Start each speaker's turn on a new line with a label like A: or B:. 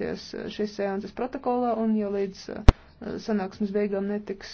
A: ierakstīsies eh, šīs sēnes protokolā, un ja līdz eh, sanāksmes beigām netiks